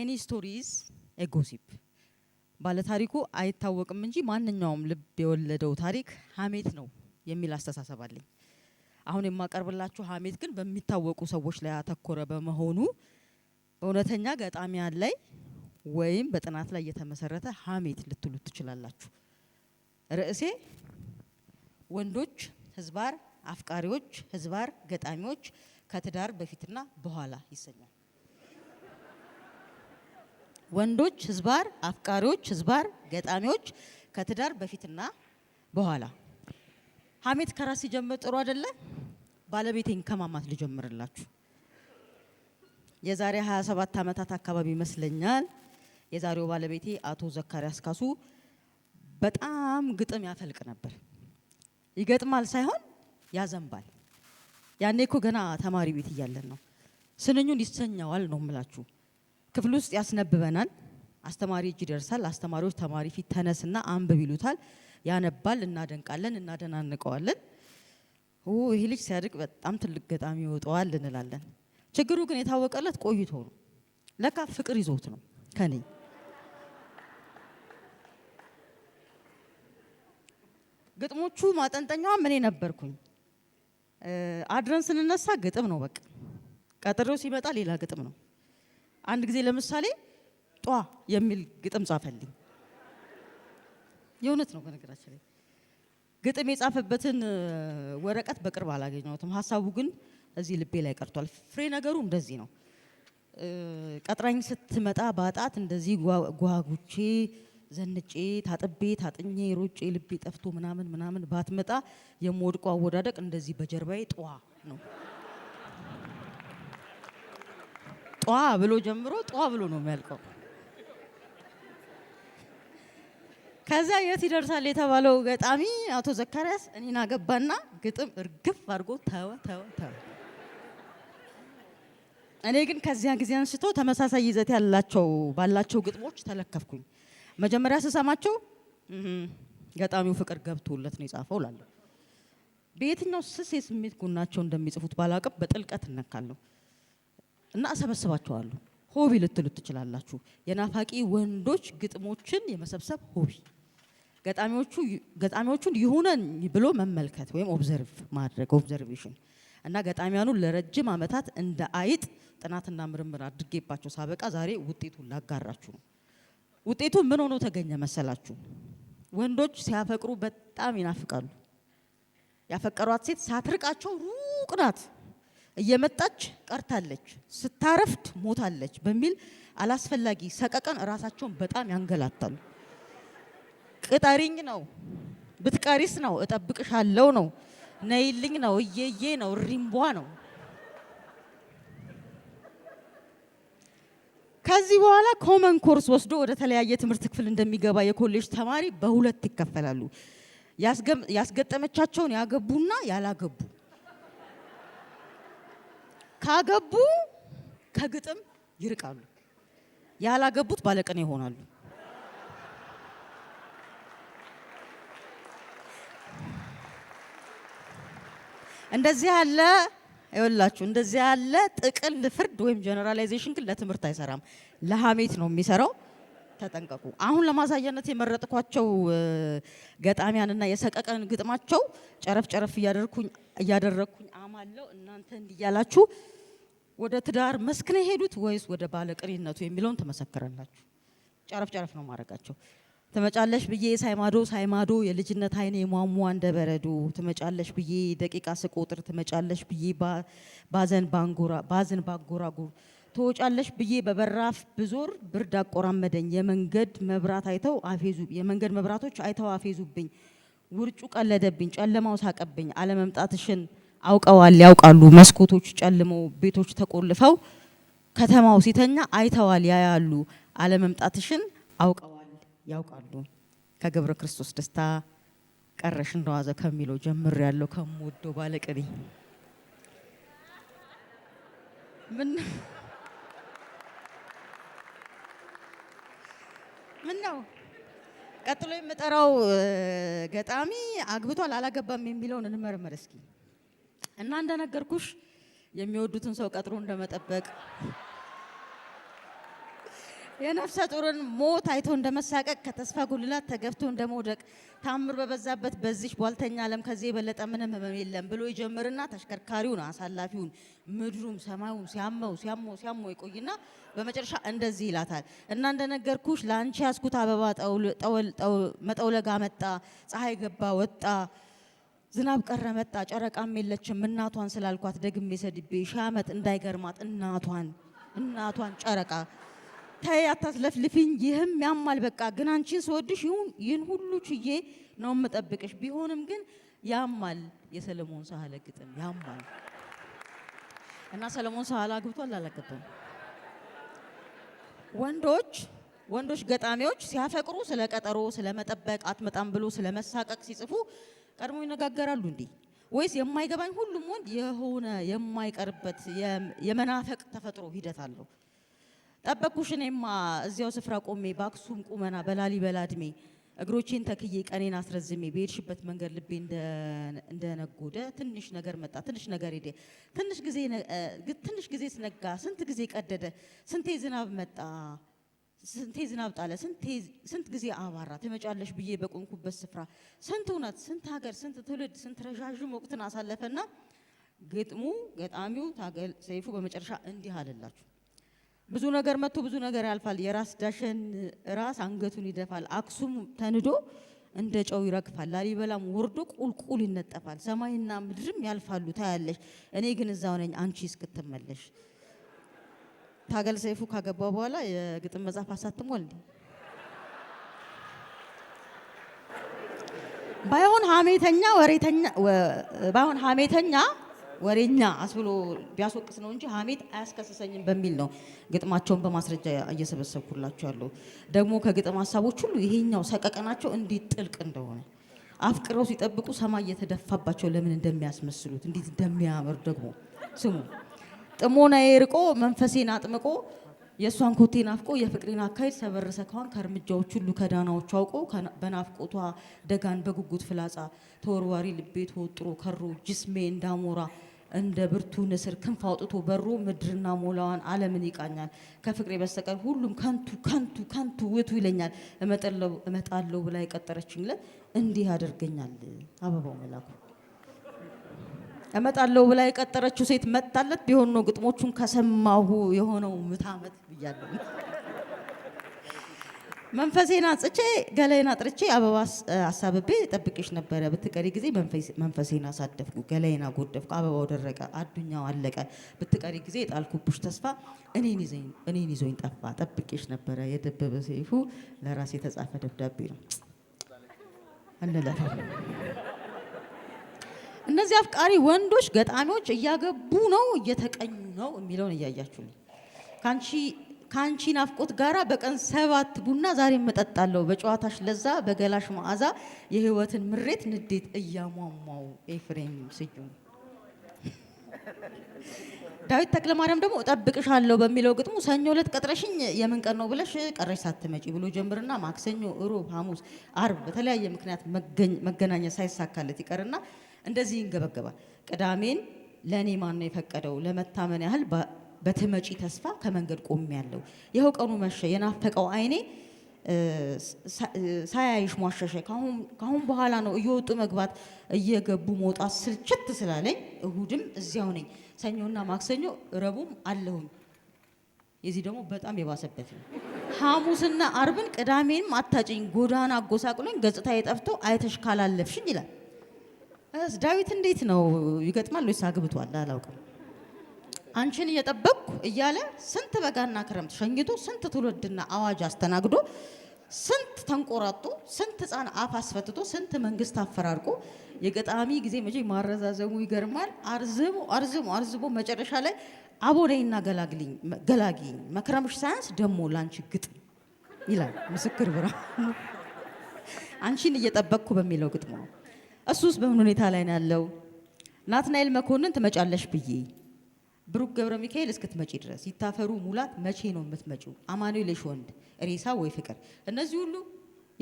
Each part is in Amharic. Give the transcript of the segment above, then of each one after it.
ኤኒ ስቶሪዝ ኤጎሲፕ ባለታሪኩ አይታወቅም እንጂ ማንኛውም ልብ የወለደው ታሪክ ሀሜት ነው የሚል አስተሳሰብ አለኝ። አሁን የማቀርብላችሁ ሀሜት ግን በሚታወቁ ሰዎች ላይ ያተኮረ በመሆኑ በእውነተኛ ገጣሚያን ላይ ወይም በጥናት ላይ የተመሰረተ ሀሜት ልትሉት ትችላላችሁ። ርዕሴ ወንዶች ህዝባር አፍቃሪዎች፣ ህዝባር ገጣሚዎች ከትዳር በፊትና በኋላ ይሰኛል። ወንዶች ህዝባር አፍቃሪዎች ህዝባር ገጣሚዎች ከትዳር በፊትና በኋላ ሀሜት ከራስ ሲጀምር ጥሩ አይደለ? ባለቤቴን ከማማት ልጀምርላችሁ። የዛሬ 27 ዓመታት አካባቢ ይመስለኛል የዛሬው ባለቤቴ አቶ ዘካሪያስ ካሱ በጣም ግጥም ያፈልቅ ነበር። ይገጥማል ሳይሆን ያዘንባል። ያኔ እኮ ገና ተማሪ ቤት እያለን ነው። ስንኙን ይሰኘዋል ነው ምላችሁ ክፍል ውስጥ ያስነብበናል። አስተማሪ እጅ ይደርሳል። አስተማሪዎች ተማሪ ፊት ተነስና አንብብ ይሉታል። ያነባል። እናደንቃለን፣ እናደናንቀዋለን። ይህ ልጅ ሲያድግ በጣም ትልቅ ገጣሚ ይወጣዋል እንላለን። ችግሩ ግን የታወቀለት ቆይቶ ነው። ለካ ፍቅር ይዞት ነው ከኔ ግጥሞቹ ማጠንጠኛዋ እኔ ነበርኩኝ። አድረን ስንነሳ ግጥም ነው በቃ። ቀጥሬው ሲመጣ ሌላ ግጥም ነው። አንድ ጊዜ ለምሳሌ ጧ የሚል ግጥም ጻፈልኝ። የእውነት ነው። በነገራችን ላይ ግጥም የጻፈበትን ወረቀት በቅርብ አላገኘሁትም። ሀሳቡ ግን እዚህ ልቤ ላይ ቀርቷል። ፍሬ ነገሩ እንደዚህ ነው። ቀጥራኝ ስትመጣ ባጣት እንደዚህ ጓጉቼ ዘንጬ ታጥቤ ታጥኜ ሮጬ ልቤ ጠፍቶ ምናምን ምናምን ባትመጣ የምወድቆ አወዳደቅ እንደዚህ በጀርባዬ ጠዋ ነው። ጠዋ ብሎ ጀምሮ ጠዋ ብሎ ነው የሚያልቀው። ከዛ የት ይደርሳል የተባለው ገጣሚ አቶ ዘካርያስ እኔን አገባና ግጥም እርግፍ አድርጎ ተወ ተወ ተወ። እኔ ግን ከዚያ ጊዜ አንስቶ ተመሳሳይ ይዘት ያላቸው ባላቸው ግጥሞች ተለከፍኩኝ። መጀመሪያ ስሰማቸው ገጣሚው ፍቅር ገብቶለት ነው የጻፈው ላለሁ በየትኛው ስስ የስሜት ጎናቸው እንደሚጽፉት ባላቅም በጥልቀት እነካለሁ። እና እሰበስባቸዋለሁ። ሆቢ ልትሉት ትችላላችሁ። የናፋቂ ወንዶች ግጥሞችን የመሰብሰብ ሆቢ ገጣሚዎቹ ገጣሚዎቹን ይሁነን ብሎ መመልከት ወይም ኦብዘርቭ ማድረግ ኦብዘርቬሽን እና ገጣሚያኑ ለረጅም ዓመታት እንደ አይጥ ጥናትና ምርምር አድርጌባቸው ሳበቃ ዛሬ ውጤቱን ላጋራችሁ ነው። ውጤቱ ምን ሆኖ ተገኘ መሰላችሁ? ወንዶች ሲያፈቅሩ በጣም ይናፍቃሉ። ያፈቀሯት ሴት ሳትርቃቸው ሩቅ ናት። እየመጣች ቀርታለች፣ ስታረፍድ ሞታለች በሚል አላስፈላጊ ሰቀቀን እራሳቸውን በጣም ያንገላታሉ። ቅጠሪኝ ነው ብትቀሪስ ነው እጠብቅሻለሁ ነው ነይልኝ ነው እየዬ ነው ሪምቧ ነው። ከዚህ በኋላ ኮመን ኮርስ ወስዶ ወደ ተለያየ ትምህርት ክፍል እንደሚገባ የኮሌጅ ተማሪ በሁለት ይከፈላሉ። ያስገጠመቻቸውን ያገቡና ያላገቡ ካገቡ ከግጥም ይርቃሉ፣ ያላገቡት ባለቅኔ ይሆናሉ። እንደዚህ ያለ ይወላችሁ እንደዚህ ያለ ጥቅል ፍርድ ወይም ጀነራላይዜሽን ግን ለትምህርት አይሰራም፣ ለሀሜት ነው የሚሰራው። ተጠንቀቁ። አሁን ለማሳያነት የመረጥኳቸው ገጣሚያንና የሰቀቀን ግጥማቸው ጨረፍ ጨረፍ እያደረግኩኝ አማለው እናንተ እንዲያላችሁ ወደ ትዳር መስክ ነው የሄዱት ወይስ ወደ ባለቅኔነቱ የሚለውን ተመሰክረላችሁ። ጨረፍ ጨረፍ ነው ማድረጋቸው። ትመጫለሽ ብዬ ሳይማዶ ሳይማዶ የልጅነት አይኔ ሟሟ እንደ በረዶ ትመጫለሽ ብዬ ደቂቃ ስቆጥር ትመጫለሽ ብዬ ባዘን ባንጎራ ባዘን ባንጎራጉር ትወጫለሽ ብዬ በበራፍ ብዞር ብርድ አቆራመደኝ። የመንገድ መብራት አይተው አፌዙ የመንገድ መብራቶች አይተው አፌዙብኝ። ውርጩ ቀለደብኝ፣ ጨለማው ሳቀብኝ። አለመምጣትሽን አውቀዋል ያውቃሉ መስኮቶች ጨልመው ቤቶች ተቆልፈው ከተማው ሲተኛ አይተዋል ያያሉ። አለመምጣትሽን አውቀዋል ያውቃሉ። ከገብረ ክርስቶስ ደስታ ቀረሽ እንደዋዘ ከሚለው ጀምር ያለው ከምወደው ባለቅኔ ምን ነው ቀጥሎ የምጠራው ገጣሚ አግብቷል አላገባም የሚለውን እንመርምር እስኪ እና እንደነገርኩሽ የሚወዱትን ሰው ቀጥሮ እንደመጠበቅ የነፍሰ ጡርን ሞት አይቶ እንደመሳቀቅ ከተስፋ ጉልላት ተገብቶ እንደመውደቅ ታምር በበዛበት በዚህ ቧልተኛ ዓለም ከዚህ የበለጠ ምንም ህመም የለም ብሎ ይጀምርና ተሽከርካሪውን፣ አሳላፊውን፣ ምድሩም ሰማዩም ሲያመው ሲያመው ሲያመው ይቆይና በመጨረሻ እንደዚህ ይላታል እና እንደነገርኩሽ ለአንቺ ያስኩት አበባ መጠውለጋ መጣ፣ ፀሐይ ገባ ወጣ ዝናብ ቀረ መጣ፣ ጨረቃም የለችም እናቷን ስላልኳት ደግሜ ሰድቤ ሺህ ዓመት እንዳይገርማት እናቷን እናቷን ጨረቃ አታይ አታስለፍልፊኝ፣ ይህም ያማል በቃ። ግን አንቺን ስወድሽ ይህን ሁሉ ችዬ ነው የምጠብቅሽ። ቢሆንም ግን ያማል። የሰለሞን ሳህለ ግጥም ያማል እና ሰለሞን ሳህለ አግብቷል አላገባም? ወንዶች ወንዶች ገጣሚዎች ሲያፈቅሩ ስለ ቀጠሮ ስለ መጠበቅ አትመጣም ብሎ ስለ መሳቀቅ ሲጽፉ ቀድሞ ይነጋገራሉ እንዴ? ወይስ የማይገባኝ ሁሉም ወንድ የሆነ የማይቀርበት የመናፈቅ ተፈጥሮ ሂደት አለው? ጠበኩሽ። እኔማ እዚያው ስፍራ ቆሜ በአክሱም ቁመና በላሊበላ እድሜ እግሮቼን ተክዬ ቀኔን አስረዝሜ በሄድሽበት መንገድ ልቤ እንደነጎደ ትንሽ ነገር መጣ፣ ትንሽ ነገር ሄደ፣ ትንሽ ጊዜ ስነጋ፣ ስንት ጊዜ ቀደደ፣ ስንቴ ዝናብ መጣ፣ ስንቴ ዝናብ ጣለ፣ ስንት ጊዜ አባራ ትመጫለሽ ብዬ በቆምኩበት ስፍራ ስንት እውነት፣ ስንት ሀገር፣ ስንት ትውልድ፣ ስንት ረዣዥም ወቅትን አሳለፈና ግጥሙ ገጣሚው ታገል ሰይፉ በመጨረሻ እንዲህ አለላችሁ ብዙ ነገር መጥቶ ብዙ ነገር ያልፋል። የራስ ዳሸን ራስ አንገቱን ይደፋል። አክሱም ተንዶ እንደ ጨው ይረግፋል። ላሊበላም ወርዶ ቁልቁል ይነጠፋል። ሰማይና ምድርም ያልፋሉ ታያለሽ። እኔ ግን እዛው ነኝ አንቺ እስክትመለሽ። ታገል ሰይፉ ካገባ በኋላ የግጥም መጽሐፍ አሳትሟል። ባይሆን ሀሜተኛ ወሬተኛ ባይሆን ሀሜተኛ ወሬኛ አስብሎ ቢያስወቅስ ነው እንጂ ሀሜት አያስከስሰኝም በሚል ነው ግጥማቸውን በማስረጃ እየሰበሰብኩላቸው ያለው። ደግሞ ከግጥም ሀሳቦች ሁሉ ይሄኛው ሰቀቀናቸው እንዴት ጥልቅ እንደሆነ አፍቅረው ሲጠብቁ ሰማይ እየተደፋባቸው ለምን እንደሚያስመስሉት እንዴት እንደሚያምር ደግሞ ስሙ። ጥሞና የርቆ መንፈሴን አጥምቆ የእሷን ኮቴ ናፍቆ የፍቅሬን አካሄድ ሰበረሰ ከዋን ከእርምጃዎች ሁሉ ከዳናዎቹ አውቆ በናፍቆቷ ደጋን በጉጉት ፍላጻ ተወርዋሪ ልቤ ተወጥሮ ከሮ ጅስሜ እንዳሞራ እንደ ብርቱ ንስር ክንፍ አውጥቶ በሮ ምድርና ሞላዋን ዓለምን ይቃኛል። ከፍቅሬ በስተቀር ሁሉም ከንቱ ከንቱ ከንቱ ውቱ ይለኛል። እመጣለሁ ብላ የቀጠረችኝ ለ እንዲህ ያደርገኛል። አበባው መላኩ እመጣለሁ ብላ የቀጠረችው ሴት መጣለት ቢሆን ነው ግጥሞቹን ከሰማሁ የሆነው ምታመት ብያለሁ። መንፈሴን አጽቼ ገላይን አጥርቼ አበባ አሳብቤ ጠብቄሽ ነበረ። ብትቀሪ ጊዜ መንፈሴን አሳደፍኩ፣ ገላይን አጎደፍኩ፣ አበባው ደረቀ፣ አዱኛው አለቀ። ብትቀሪ ጊዜ የጣልኩብሽ ተስፋ እኔን ይዞኝ ጠፋ። ጠብቄሽ ነበረ። የደበበ ሰይፉ ለራሴ የተጻፈ ደብዳቤ ነው። እንለፈው። እነዚህ አፍቃሪ ወንዶች ገጣሚዎች እያገቡ ነው፣ እየተቀኙ ነው የሚለውን እያያችሁ ነው ከአንቺ ከአንቺ ናፍቆት ጋራ በቀን ሰባት ቡና ዛሬ መጠጣለሁ። በጨዋታሽ ለዛ በገላሽ መዓዛ የህይወትን ምሬት ንዴት እያሟሟው ኤፍሬም ስዩም። ዳዊት ተክለማርያም ደግሞ እጠብቅሻለሁ በሚለው ግጥሙ ሰኞ ዕለት ቀጥረሽኝ የምን ቀን ነው ብለሽ ቀረሽ ሳትመጪ ብሎ ጀምርና ማክሰኞ፣ እሮብ፣ ሐሙስ፣ አርብ በተለያየ ምክንያት መገናኘት ሳይሳካለት ይቀርና እንደዚህ ይንገበገባል። ቅዳሜን ለእኔ ማን ነው የፈቀደው? ለመታመን ያህል በትመጪ ተስፋ ከመንገድ ቆም ያለው ይኸው ቀኑ መሸ የናፈቀው አይኔ ሳያይሽ ሟሸሸ ካሁን በኋላ ነው እየወጡ መግባት እየገቡ መውጣት ስልችት ስላለኝ እሁድም እዚያው ነኝ ሰኞና ማክሰኞ ረቡም አለሁም የዚህ ደግሞ በጣም የባሰበት ነው ሐሙስና አርብን ቅዳሜንም አታጭኝ ጎዳና አጎሳቅሎኝ ገጽታ የጠፍተው አይተሽ ካላለፍሽኝ ይላል ዳዊት እንዴት ነው ይገጥማል ወይስ አግብቷል አላውቅም አንቺን እየጠበቅኩ እያለ ስንት በጋና ክረምት ሸኝቶ ስንት ትውልድና አዋጅ አስተናግዶ ስንት ተንቆራጦ ስንት ህፃን አፍ አስፈትቶ ስንት መንግስት አፈራርቆ የገጣሚ ጊዜ መቼ ማረዛዘሙ ይገርማል። አርዝሞ አርዝሞ አርዝሞ መጨረሻ ላይ አቦነይና ገላግኝ መክረምሽ ሳያንስ ደሞ ላንቺ ግጥም ይላል ምስክር ብራ አንቺን እየጠበቅኩ በሚለው ግጥሙ ነው። እሱስ በምን ሁኔታ ላይ ነው ያለው? ናትናኤል መኮንን ትመጫለሽ ብዬ ብሩክ ገብረ ሚካኤል እስክትመጪ ድረስ ይታፈሩ ሙላት መቼ ነው የምትመጪው? አማኑኤል ወንድ ሬሳ ወይ ፍቅር እነዚህ ሁሉ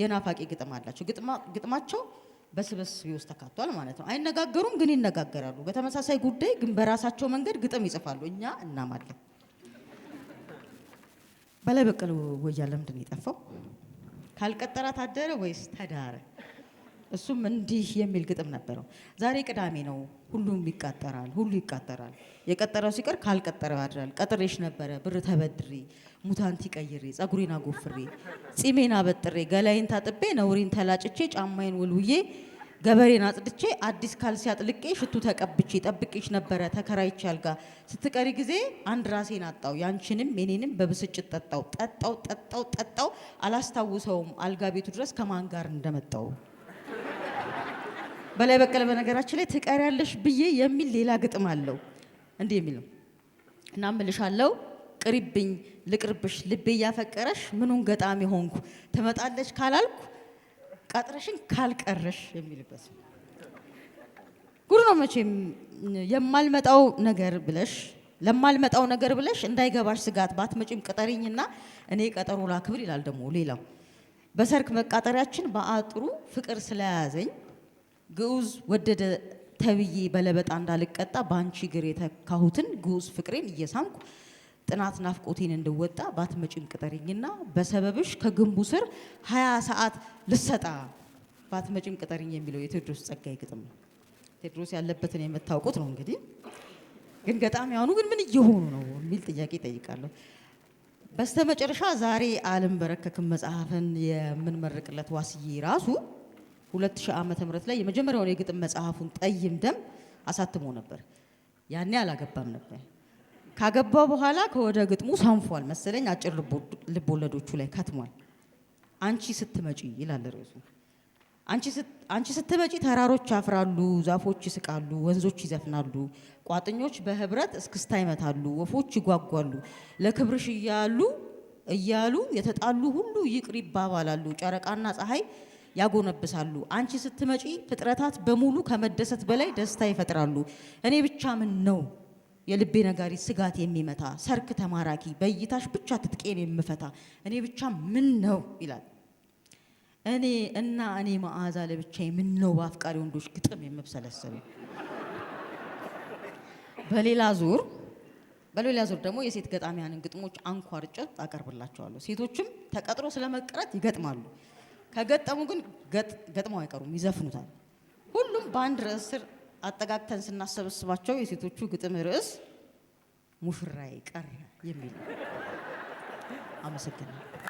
የናፋቂ ግጥም አላቸው። ግጥማቸው በስብስቤ ውስጥ ተካቷል ማለት ነው። አይነጋገሩም ግን ይነጋገራሉ። በተመሳሳይ ጉዳይ ግን በራሳቸው መንገድ ግጥም ይጽፋሉ። እኛ እናማለን። በላይ በቀለ ወያለ ለምንድን ነው የጠፋው? ካልቀጠራት አደረ ወይስ ተዳረ? እሱም እንዲህ የሚል ግጥም ነበረው። ዛሬ ቅዳሜ ነው፣ ሁሉም ይቃጠራል፣ ሁሉ ይቃጠራል። የቀጠረው ሲቀር ካልቀጠረው ያድራል። ቀጥሬሽ ነበረ ብር ተበድሬ፣ ሙታንቲ ቀይሬ፣ ጸጉሬን አጎፍሬ፣ ጺሜን አበጥሬ፣ ገላይን ታጥቤ፣ ነውሬን ተላጭቼ፣ ጫማዬን ውልውዬ፣ ገበሬን አጽድቼ፣ አዲስ ካልሲ አጥልቄ፣ ሽቱ ተቀብቼ፣ ጠብቄሽ ነበረ ተከራይቼ አልጋ። ስትቀሪ ጊዜ አንድ ራሴን አጣው፣ ያንቺንም የኔንም በብስጭት ጠጣው፣ ጠጣው፣ ጠጣው፣ ጠጣው፣ አላስታውሰውም አልጋ ቤቱ ድረስ ከማን ጋር እንደመጣው በላይ በቀለ በነገራችን ላይ ትቀሪያለሽ ብዬ የሚል ሌላ ግጥም አለው እንዲህ የሚል እና እምልሻለሁ ቅሪብኝ ልቅርብሽ ልቤ እያፈቀረሽ ምኑን ገጣሚ ሆንኩ ትመጣለች ካላልኩ ቀጥረሽን ካልቀረሽ የሚልበት ጉድ ነው መቼም። የማልመጣው ነገር ብለሽ ለማልመጣው ነገር ብለሽ እንዳይገባሽ ስጋት ባትመጪም ቅጠሪኝና እኔ ቀጠሮ ላክብል ይላል ደግሞ ሌላው በሰርክ መቃጠሪያችን በአጥሩ ፍቅር ስለያዘኝ ግዑዝ ወደደ ተብዬ በለበጣ እንዳልቀጣ በአንቺ እግር የተካሁትን ግዑዝ ፍቅሬን እየሳምኩ ጥናት ናፍቆቴን እንድወጣ ባትመጪም ቅጠሪኝና በሰበብሽ ከግንቡ ስር ሀያ ሰዓት ልሰጣ ባትመጪም ቅጠሪኝ የሚለው የቴዎድሮስ ጸጋዬ ግጥም ነው። ቴዎድሮስ ያለበትን የምታውቁት ነው እንግዲህ። ግን ገጣሚያኑ ግን ምን እየሆኑ ነው የሚል ጥያቄ ይጠይቃለሁ። በስተመጨረሻ ዛሬ አለም በረከክም መጽሐፍን የምንመርቅለት ዋስዬ ራሱ 2000 ዓመተ ምህረት ላይ የመጀመሪያውን የግጥም መጽሐፉን ጠይም ደም አሳትሞ ነበር። ያኔ አላገባም ነበር። ካገባው በኋላ ከወደ ግጥሙ ሰንፏል መሰለኝ። አጭር ልቦለዶቹ ላይ ከትሟል። አንቺ ስትመጪ ይላል ርዕሱ። አንቺ ስትመጪ ተራሮች ያፍራሉ፣ ዛፎች ይስቃሉ፣ ወንዞች ይዘፍናሉ፣ ቋጥኞች በህብረት እስክስታ ይመታሉ፣ ወፎች ይጓጓሉ፣ ለክብርሽ እያሉ እያሉ የተጣሉ ሁሉ ይቅር ይባባላሉ። ጨረቃና ፀሐይ ያጎነብሳሉ። አንቺ ስትመጪ ፍጥረታት በሙሉ ከመደሰት በላይ ደስታ ይፈጥራሉ። እኔ ብቻ ምን ነው የልቤ ነጋሪ ስጋት የሚመታ ሰርክ ተማራኪ በእይታሽ ብቻ ትጥቄን የምፈታ እኔ ብቻ ምን ነው ይላል። እኔ እና እኔ መዓዛ ለብቻ ምን ነው በአፍቃሪ ወንዶች ግጥም የምብሰለሰሉ። በሌላ ዙር በሌላ ዙር ደግሞ የሴት ገጣሚያንን ግጥሞች አንኳርጬ አቀርብላቸዋለሁ። ሴቶችም ተቀጥሮ ስለመቅረት ይገጥማሉ። ከገጠሙ ግን ገጥመው አይቀሩም ይዘፍኑታል። ሁሉም በአንድ ርዕስ ስር አጠጋግተን ስናሰበስባቸው የሴቶቹ ግጥም ርዕስ ሙሽራዬ ቀረ የሚል አመሰግናለሁ።